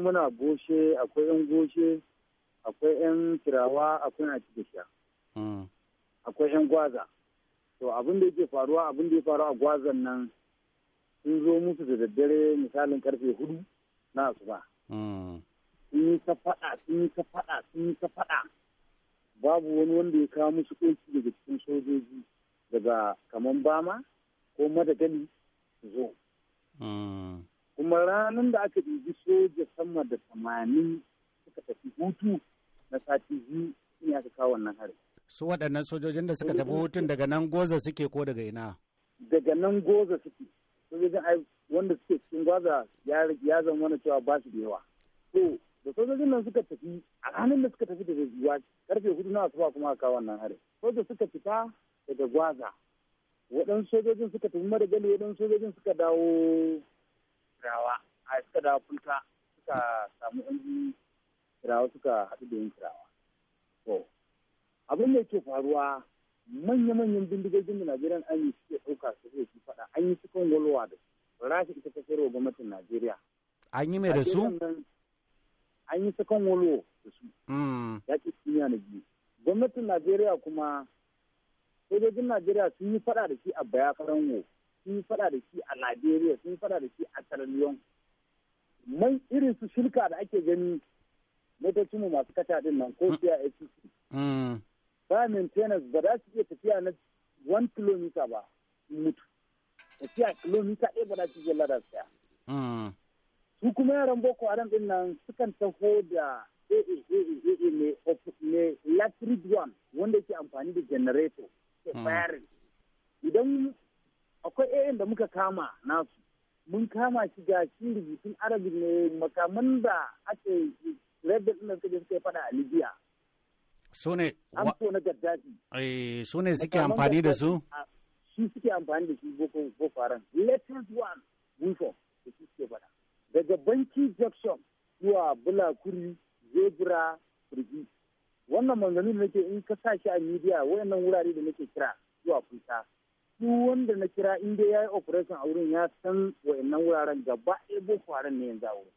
muna goshe akwai yan goshe akwai yan tirawa akwai na cikin hmm. akwai yan gwaza to abin da yake faruwa abin da ya faru a gwazan nan sun zo musu da daddare misalin karfe hudu na asuba hmm. sun yi ta fada sun yi ta fada sun yi ta fada babu wani wanda ya kawo musu ɗauki daga cikin sojoji daga kaman bama ko madagali su zo hmm. kuma ranar da aka ɗibi soja sama da samanin suka tafi hutu na sati biyu ne aka kawo wannan hari. Su waɗannan sojojin da suka tafi hutun daga nan goza suke ko daga ina? Daga nan goza suke. Sojojin ai wanda suke cikin goza ya zama wani cewa ba su da yawa. To da sojojin nan suka tafi a ranar da suka tafi da zuwa karfe hudu na asuba kuma aka kawo wannan hari. Soja suka fita daga gwaza waɗansu sojojin suka tafi madagali waɗansu sojojin suka dawo kirawa a suka dawo fulka suka samu yan kirawa suka haɗu da yin kirawa to abin da ke faruwa manya-manyan bindigogin da an Army suke ɗauka su zai su faɗa an yi cikin walwa da su rasha ita ta sayarwa gwamnatin Najeriya. An yi mai da su? An yi cikin walwa da su. Hmm. Ya ce kimiyya na biyu. Gwamnatin Najeriya kuma sojojin Najeriya sun yi faɗa da shi a bayakaran wo sun fada da shi a Najeriya sun fada da shi a Sierra mai irin su shirka da ake gani mu masu kata din nan ko hmm. siya ACC hmm. ba maintenance ba za su iya tafiya na 1 kilomita ba mutu tafiya kilomita ɗaya ba za su iya lada siya. Hmm. su kuma yaran boko haram din nan sukan taho da AAAA ne electric one wanda ke amfani da generator da firing idan akwai yayin da muka kama nasu mun kama shi ga shi rubutun arabin ne makaman da ake rebel din da suka yi fada a libya su ne na gaddafi eh, su ne suke amfani da su shi suke amfani da shi boko haram latest one uniform da shi suke fada daga banki jackson zuwa bulakuri zebra firgi wannan manzanin da nake in ka sa shi a media wayannan wurare da nake kira zuwa kusa duk wanda na kira in ya yi operation a wurin ya san wa'annan wuraren gaba ɗaya boko haram ne yanzu a wurin